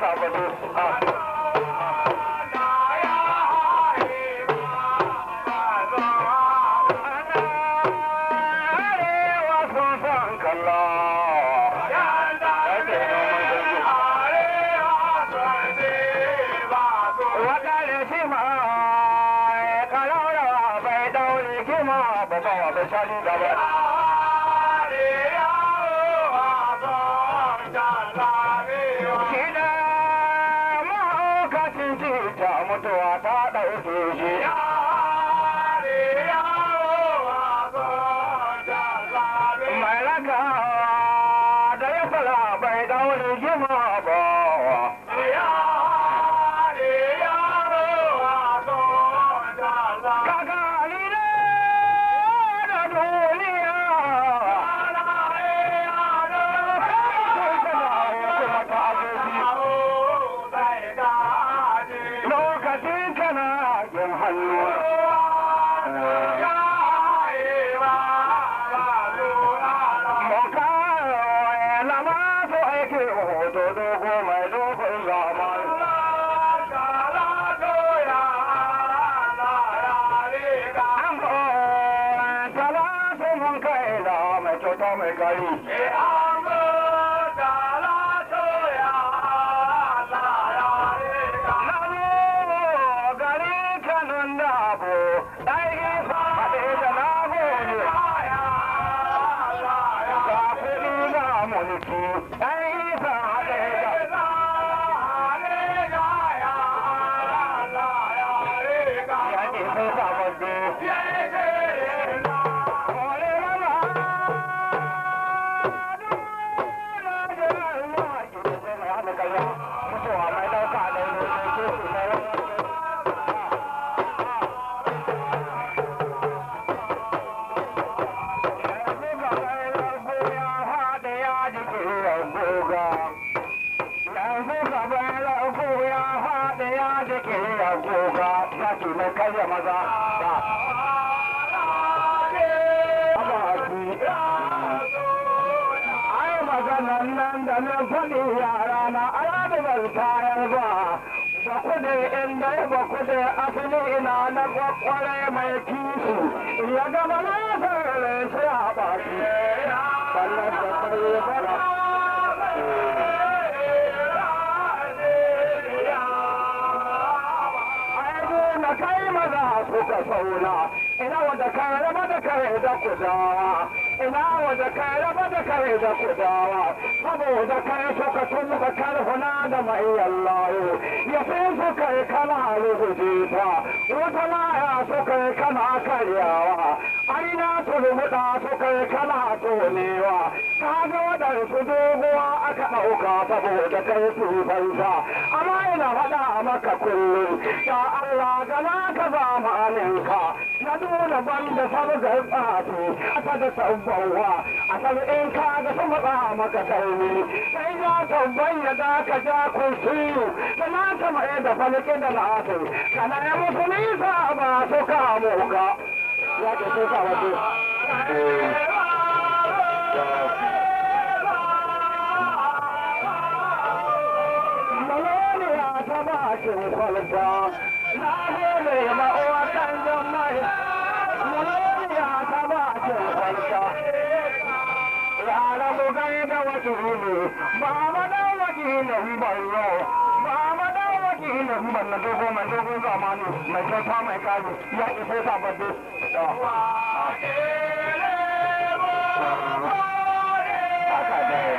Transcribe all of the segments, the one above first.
Salvador. kwarai mai kishi ya gama nasarar shi a baki sannan da sai fara kai maza suka sauna ina wanda kan rama da kare da kuda nawa da ka raba da kare da kudawa saboda kai suka tun da karfuna da mai yallawo ya fi suka yi kana rubuje ta wata laya suka yi kana karyawa arina su zumuɗa su kai kana tonewa ka ga waɗansu doguwa aka ɗauka saboda kai su fansa amma ina faɗa maka kullum ya Allah gana ka zamaninka na nuna banda sabgar tsafi ta da sabbawa a san in ka ga sama ba maka kaini sai ya tabbai ya za ka ja kursiyu na ta mai da falke da latin na ya mutu nisa ba su kamo ka wannan dogo mai dogo zamani mai kyauta mai kari ya isa ya sababbi haka da ya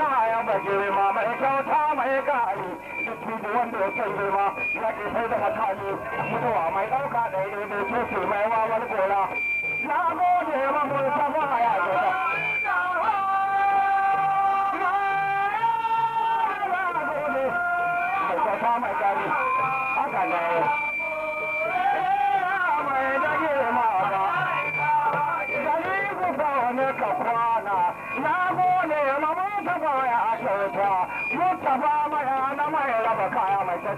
ka girma mai kyauta mai gari duk da wanda ya kai girma ya ke sai da makami mutuwa mai ɗauka da ya mai mai wawar gora na gode ma mun saba ya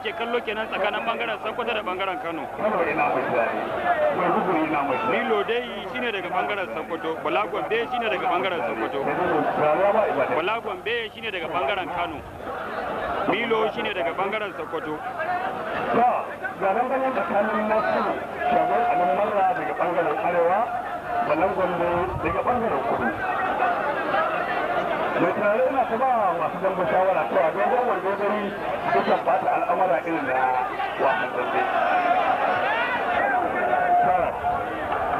ake kallo kenan tsakanin bangaren Sokoto da bangaren Kano. milo dai shine daga bangaren Sokoto, Bala Gombe shine daga bangaren Sokoto. Bala Gombe shine daga bangaren Kano. Milo shine daga bangaren Sokoto. Ga ganganin tsakanin Nasiru Shagon Alammarra daga bangaren Arewa, Balan Gombe daga bangaren Kudu. mai tunanin ina ta ba masu dambe shawara cewa dogon wando gari sukan bata al'amura irin na wasan dambe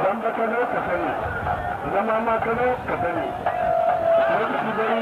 dambe ka zo ka sani zama ma ka zo ka sani lokaci gari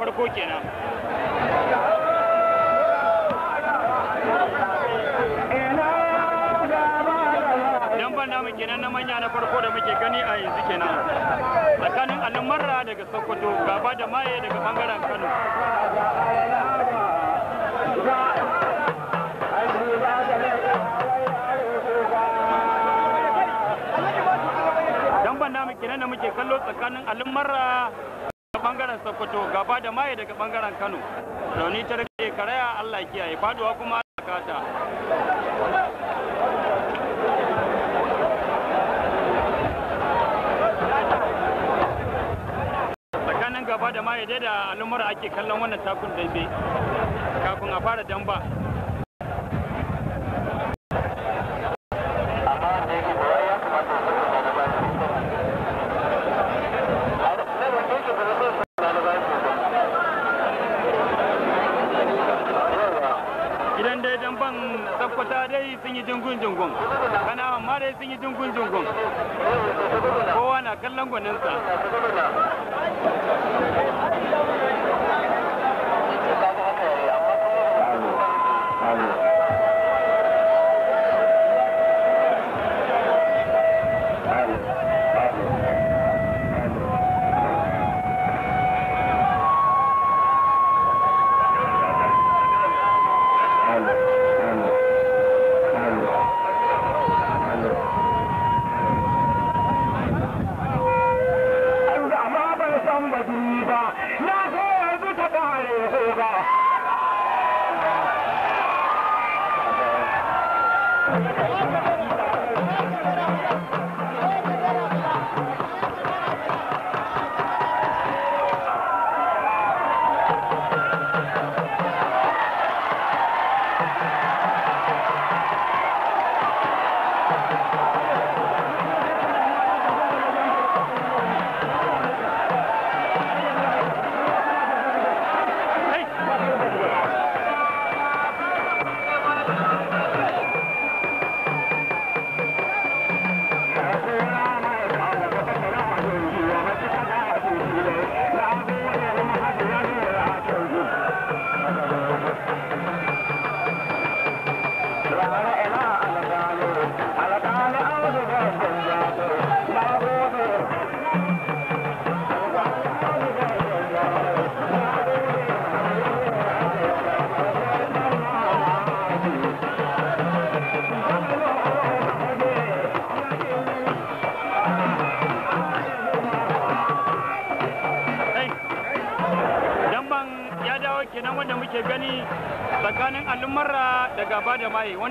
farko kenan damban namu kenan na manya na farko da muke gani a yanzu kenan tsakanin alimarra daga sokoto gaba da maye daga bangaren kano damban namu kenan da muke kallo tsakanin alimarra. sokoto gaba da maye daga bangaren kano rauni ta rike karaya allah kiyaye faduwa kuma kata tsakanin gaba da maye dai da al'umar ake kallon wannan takun dambe kafin a fara damba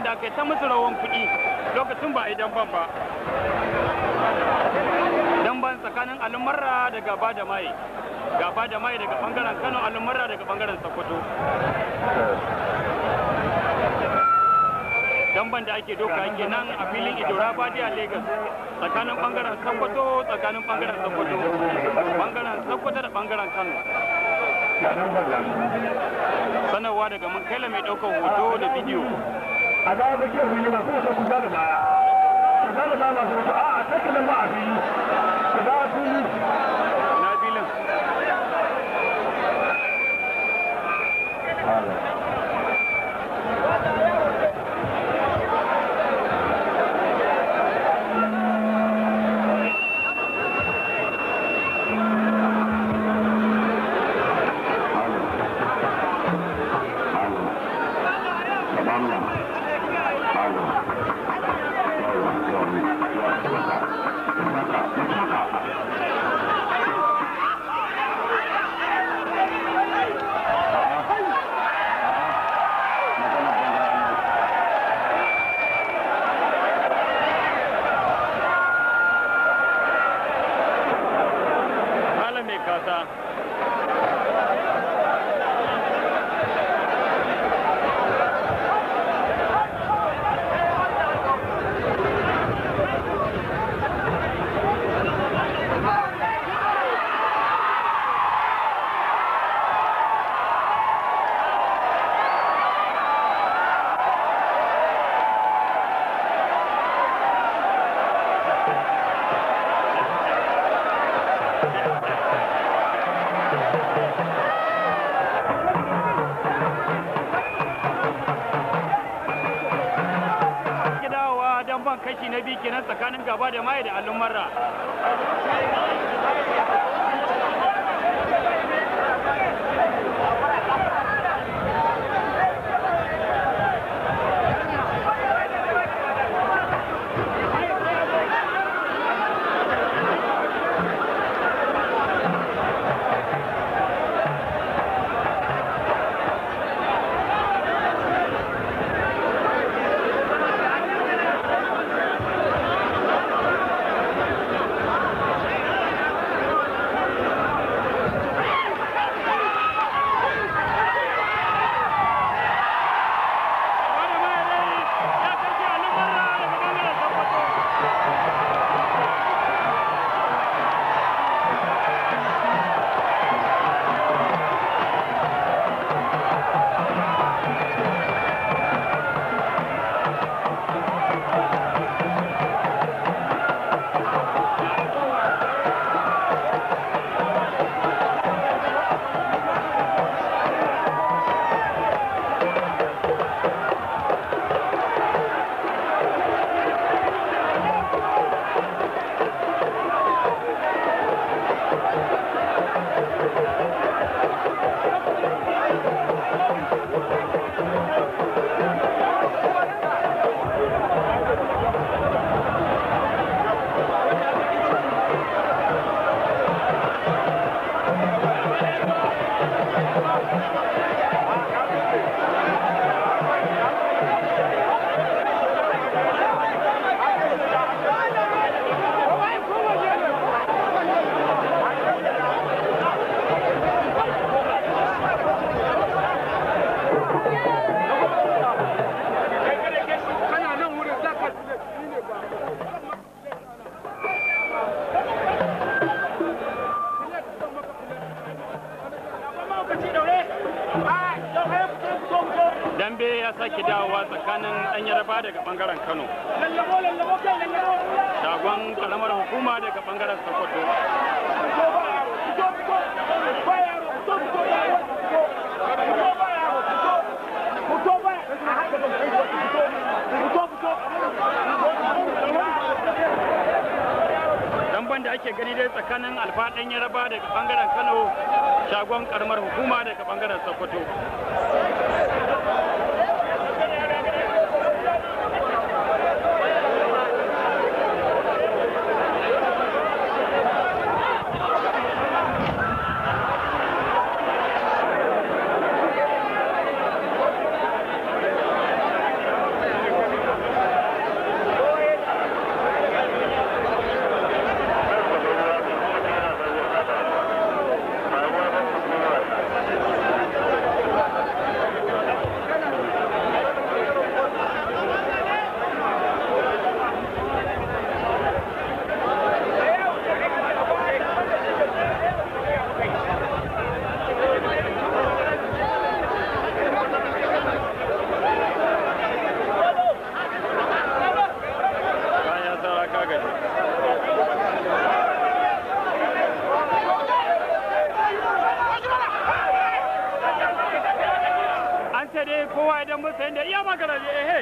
da aka ta musu rawan kuɗi lokacin ba a yi damban ba damban tsakanin alumarra daga da mai gaba da mai daga bangaren kano alumarra daga bangaren sokoto damban da ake doka ake nan a filin idora badiya lagos tsakanin bangaren sokoto tsakanin bangaren sokoto bangaren sokoto da bangaren kano sanarwa daga mun kaila mai ɗaukar hoto da bidiyo azabar kyau yi ba kuma ku da baya ku da baya masu wata a tattalin ba a fili ku da fili na bilin tsakanin gaba da maye da al'umarra bangaren kano shagon karamar hukuma daga bangaren sokoto damban da ake gani dai tsakanin alfaɗin yaraba daga bangaren kano shagon karamar hukuma daga bangaren sokoto ta dai kowa idan mun sayin da iya magana ne ehe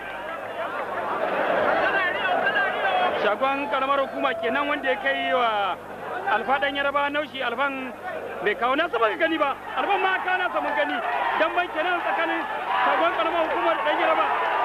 shagon karamar hukuma kenan wanda ya kai wa alfadan yaraba naushi alfan bai kawo nasa ba gani ba alfan ma ka nasa gani dan ban kenan tsakanin shagon karamar hukumar dan yaraba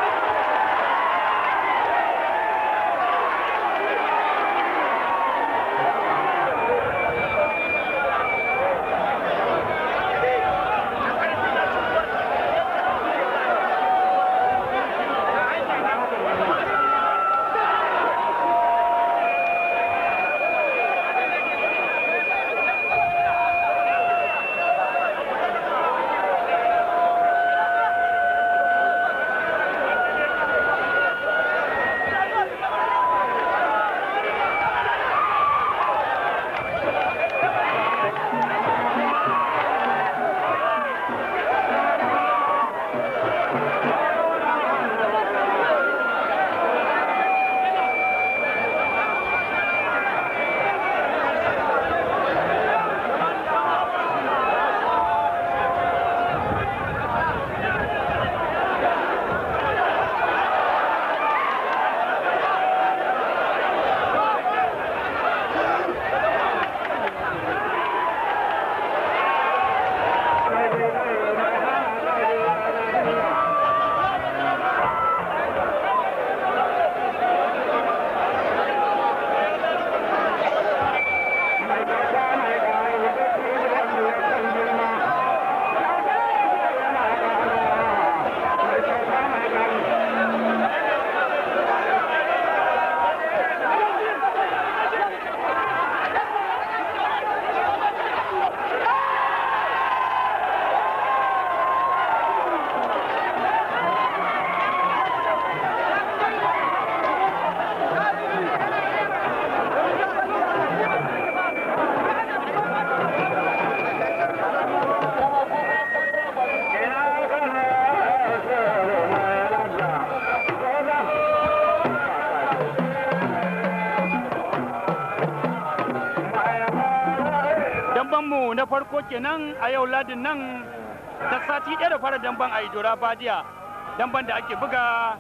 kenan a yau ladin nan ta sati ɗaya da fara damban a idora badiya damban da ake buga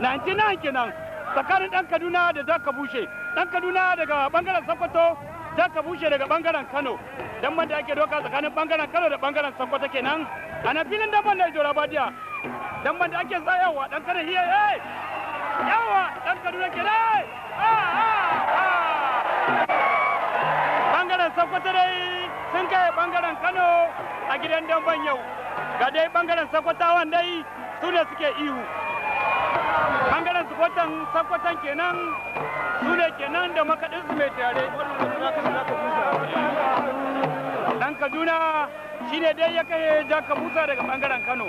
99 kenan tsakanin ɗan kaduna da zaka bushe ɗan kaduna daga ɓangaren sokoto zaka bushe daga ɓangaren kano damban da ake doka tsakanin ɓangaren kano da ɓangaren sokoto kenan a na filin damban da idora badiya damban da ake tsayawa ɗan kano hiye eh! yawa ɗan kaduna kenan eh! ah, ah, ah! ɓangaren sokoto dai bangaren Kano a gidan damban yau ga dai bangaren Sokotawan dai su ne suke ihu bangaren Sokotan Sokotan kenan su ne kenan da makaɗin su mai tare dan Kaduna shine dai ya kai jaka kabusa daga bangaren Kano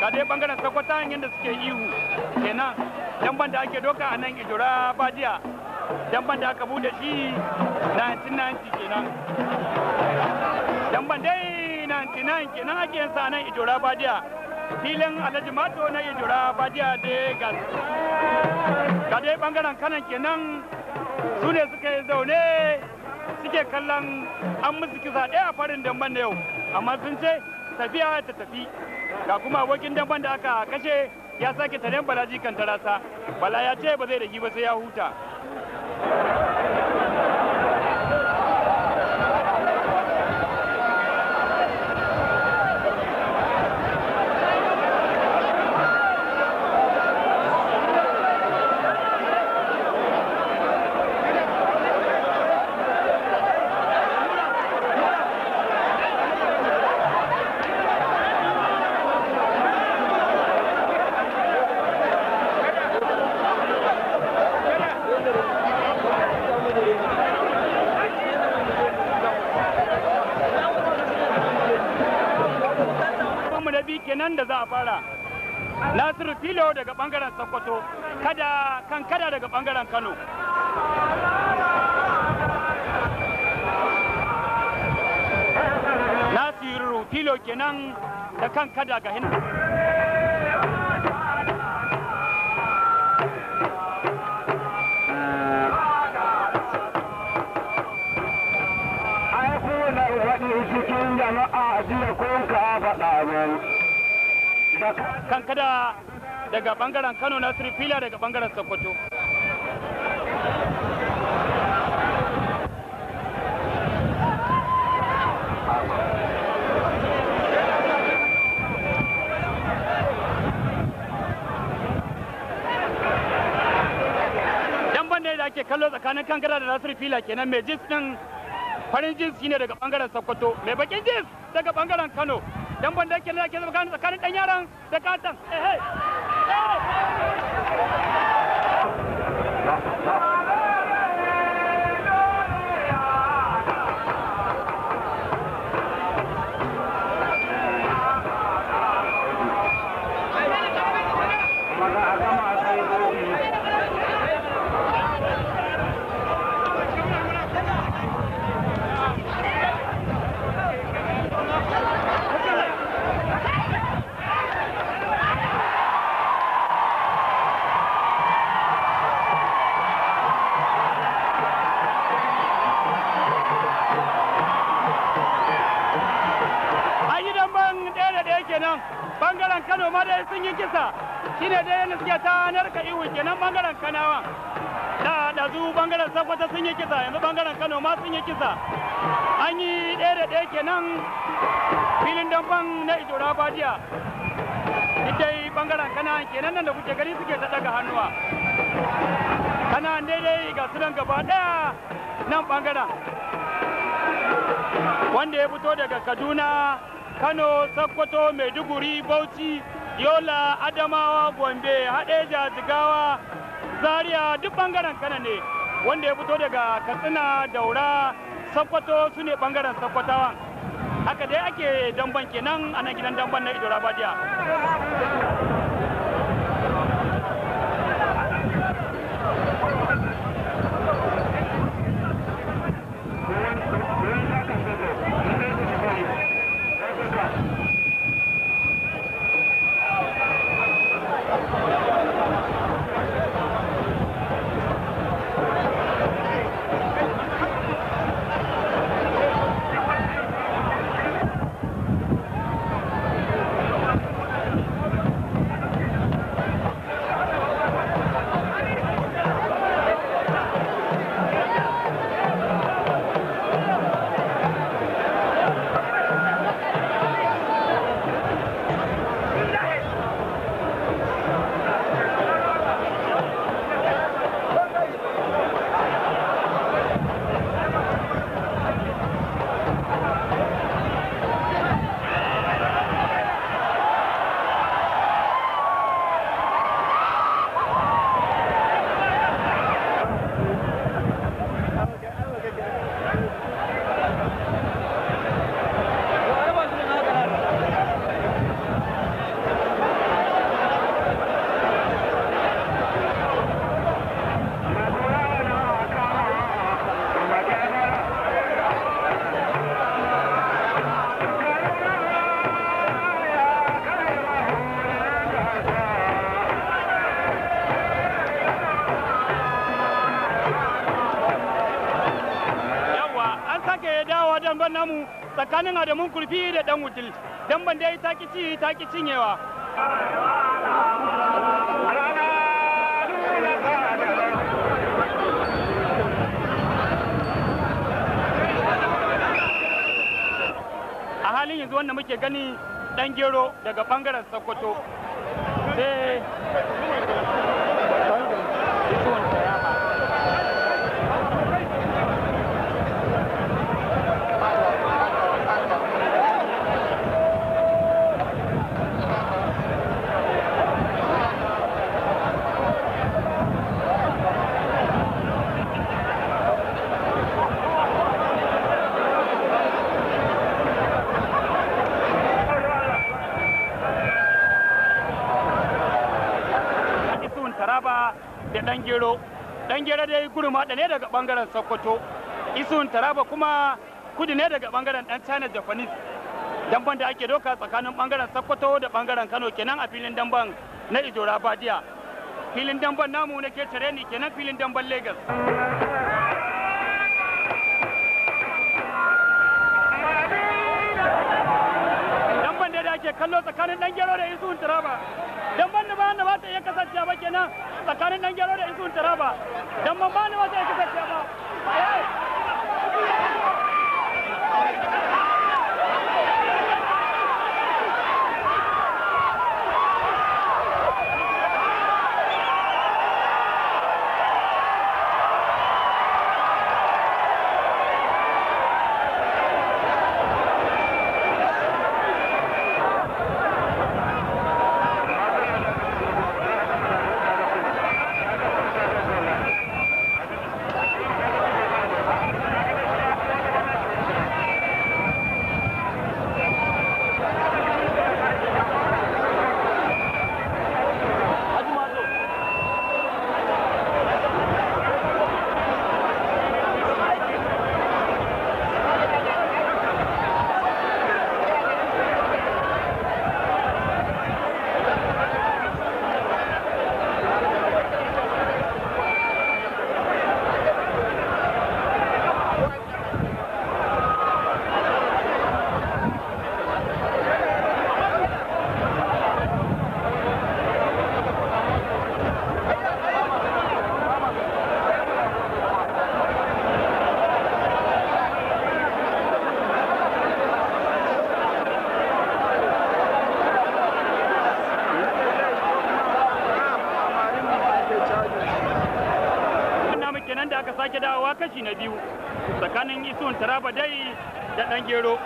ga dai bangaren Sokotan yadda suke ihu kenan damban da ake doka a nan Ijora Badiya damban da aka bude shi 1990 kenan dan ban dai 99 kenan ake yin ijora badiya filin alhaji mato na ijora badiya da gas ga dai bangaren kanan kenan su ne suka yi zaune suke kallon an musu kisa ɗaya a farin damban na yau amma sun ce tafiya ta tafi ga kuma abokin damban da aka kashe ya sake tare balaji kan tarasa bala ya ce ba zai da ba sai ya huta gwamnan Kano. Nasiru filo kenan da kan kada ga hindu. cikin jama'a Kankada daga bangaren Kano Nasiru filo daga bangaren Sokoto. wani kankara da nasir fila kenan mai jins din farin jins shine daga bangaren sokoto mai bakin jins daga bangaren kano dan banda kenan da ke zama kan tsakanin dan yaran da katan eh eh kenan bangaren kano ma dai sun yi kisa shine dai yana suke ta narka ihu kenan bangaren kanawa da ɗazu bangaren sakwata sun yi kisa yanzu bangaren kano ma sun yi kisa an yi ɗaya da ɗaya kenan filin damfan na ijora badiya dai bangaren kana kenan nan da kuke gani suke ta daga hannuwa kana daidai ga su nan gaba ɗaya nan bangaren wanda ya fito daga kaduna Kano, Sokoto, Maiduguri, Bauchi, Yola, Adamawa, Gombe, Hadeja, Jigawa, Zaria duk bangaren Kano ne wanda ya fito daga Katsina, Daura, Sokoto su ne bangaren Sokotawa. Haka dai ake damban kenan a nan gidan damban na Ido Rabadiya. namu tsakanin adamun kurfi da dan wutil dan ban dai taki ci a halin yanzu wanda muke gani dan gero daga bangaren sokoto sai gurmaɗa ne daga bangaren sokoto isun taraba kuma kudu ne daga bangaren dan china japanese damban da ake doka tsakanin bangaren sokoto da bangaren kano kenan a filin damban na ijora badiya filin damban namu na ke tare ni kenan filin damban lagos damban da ake kallo tsakanin dan gero da isun taraba dan ban da bayan da ba ta iya kasance ba kenan tsakanin dan gero da isun taraba dan ban ba ta iya kasance ba kashi na biyu tsakanin isun taraba dai da ɗan gero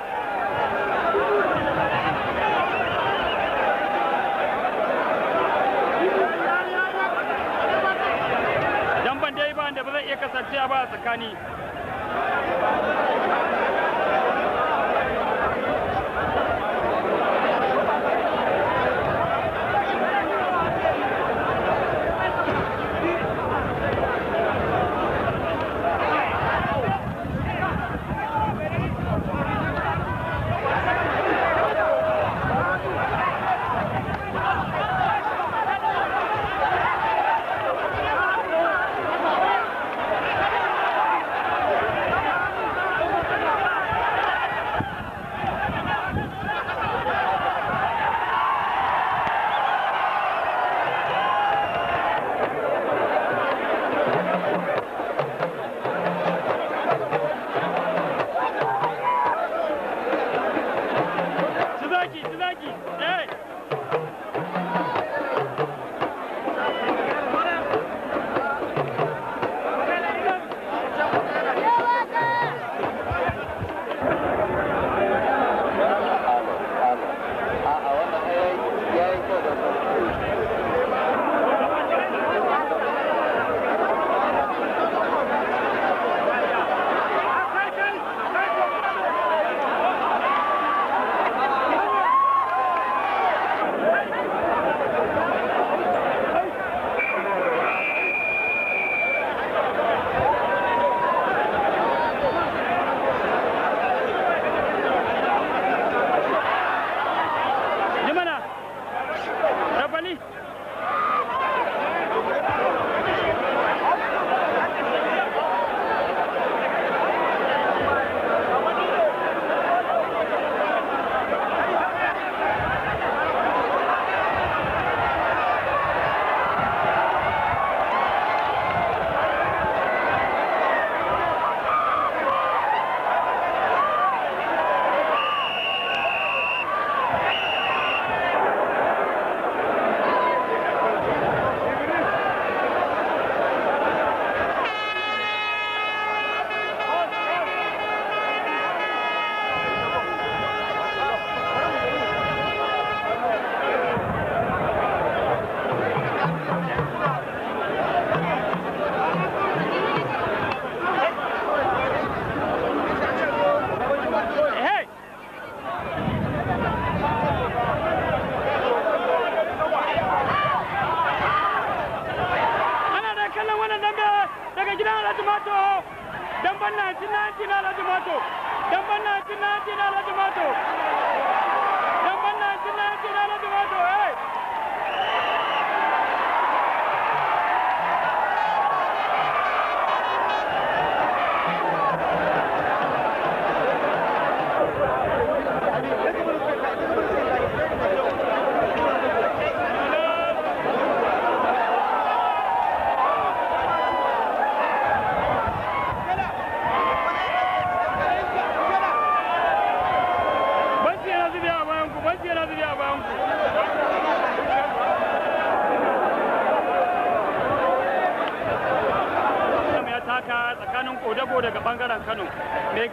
Sinaki, Sinaki, hey!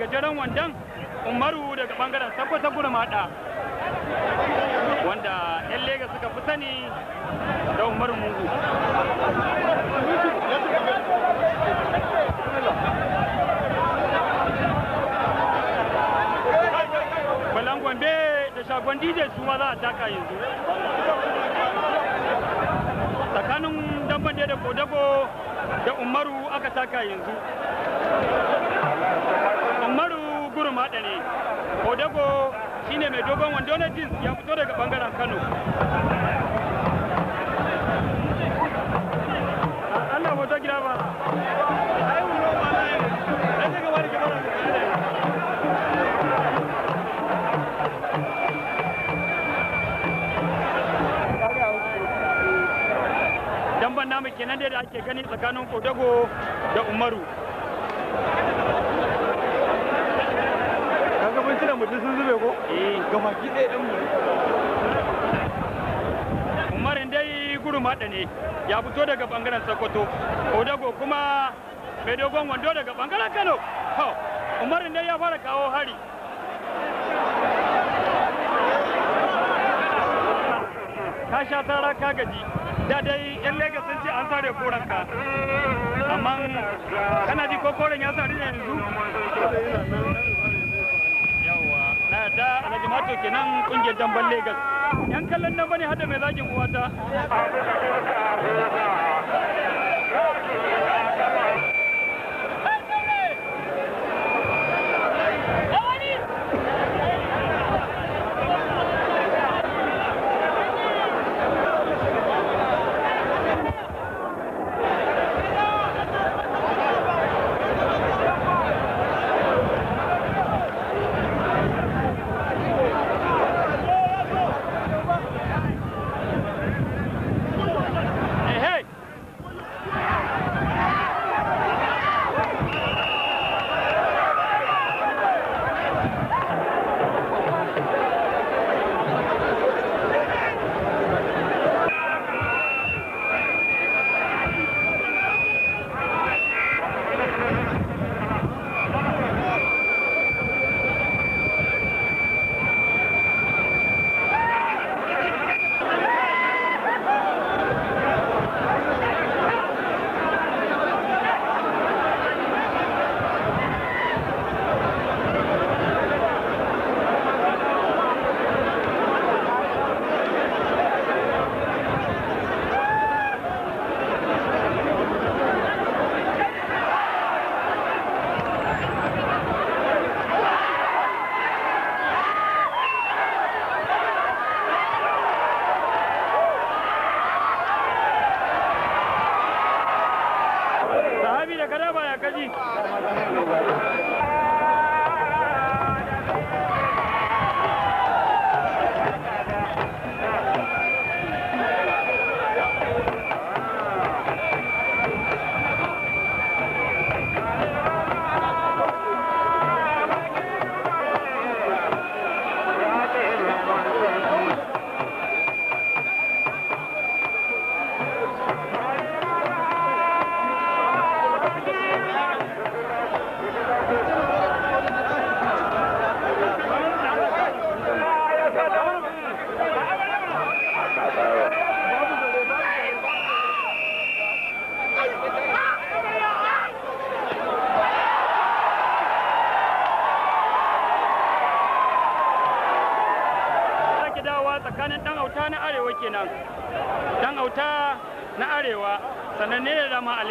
gajeren wandan umaru daga bangaren sakwata gurmada wanda 'yan lega suka fi sani da umaru mugu balan gombe da shagon dj su ma za a taka yanzu tsakanin damban da kodago da umaru aka taka yanzu haɗari kodago shine mai dogon wando na jins ya fito daga bangaren kano allah hoto gida ba namu kenan da ake gani tsakanin kodago da umaru da mutum sun zube ko? Eh. Ga ɗaya ɗan mu. Umarin dai gurum haɗa ne ya fito daga bangaren Sokoto. Odago kuma mai dogon wando daga bangaren Kano. Umarin dai ya fara kawo hari. ka sha tara ka gaji da dai yan legas sun ce an sare koren ka amma kana ji ko koren ya sare ne yanzu alhaji mato kenan kungiyar jamban lagos yan kallon nan bane hada mai zagin uwata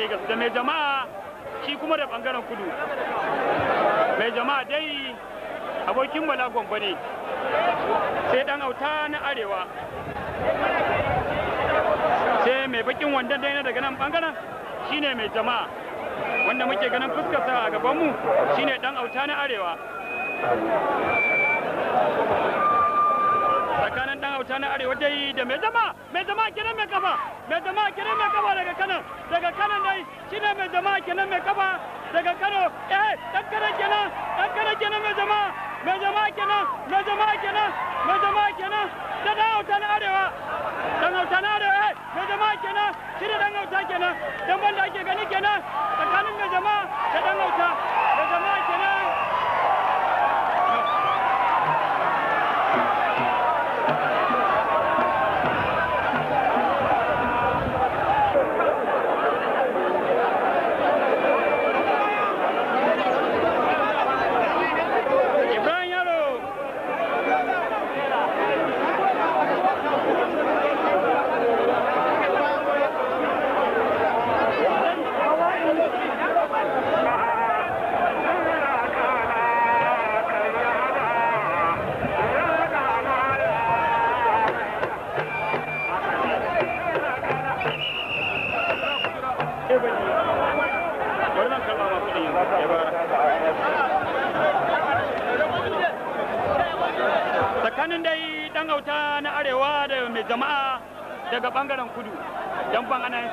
Legas da mai jama'a shi kuma da bangaren kudu mai jama'a dai abokin bala gwamba ne sai dan auta na arewa sai mai bakin wandon dai na daga nan bangaren shine mai jama'a wanda muke ganin fuskarsa a gabanmu shine dan auta na arewa makwabta na arewa dai da mai zama mai zama kenan mai kafa mai zama kenan mai kafa daga kanan daga kanan dai shine mai zama kenan mai kafa daga kano eh dan kanan kenan dan kanan kenan mai zama mai zama kenan mai zama kenan mai zama kenan da dan ta na arewa dan hauta na arewa eh mai zama kenan shine dan hauta kenan dan banda ake gani kenan tsakanin mai zama da dan hauta mai zama kenan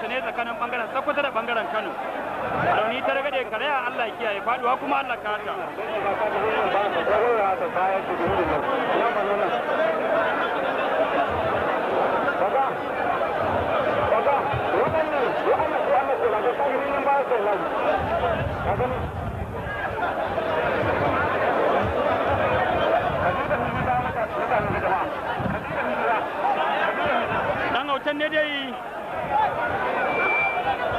ne tsakanin bangaren sakwata da bangaren kano a rauni ta daga da karaya allah kiyaye faduwa kuma allah kata Dan autan ne dai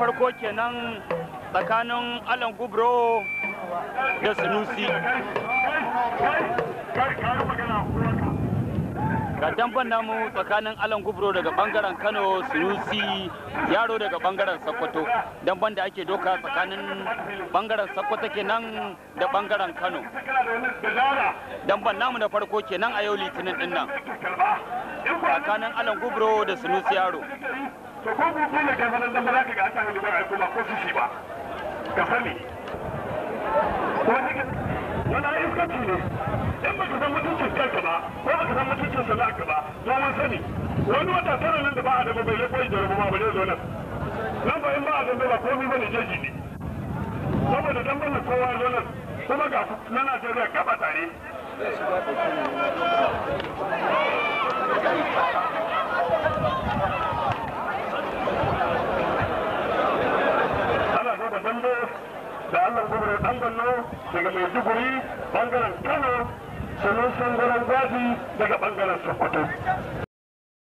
farko kenan tsakanin alan gubro da sunusi ga damban namu tsakanin alan gubro daga bangaren kano sunusi yaro daga bangaren sokoto damban da ake doka tsakanin bangaren sokoto kenan da bangaren kano damban namu na farko kenan a yau litinin dinnan, tsakanin alan gubro da sunusi yaro to ko ko ko da ba ga an sa ba ko ba ka sani wani wani ne ba ka san mutuncin kanka ba ko ba ka san mutuncin ka ba za mun sani wani wata tara nan da ba a da rabu ba bai zo nan nan ba in ba a ba komai bane ne saboda dan ka kowa zo nan kuma ga na tare da allah gwamnan dan daga maiduguri bangaren kano sannan sangaren gwaji daga bangaren sokoto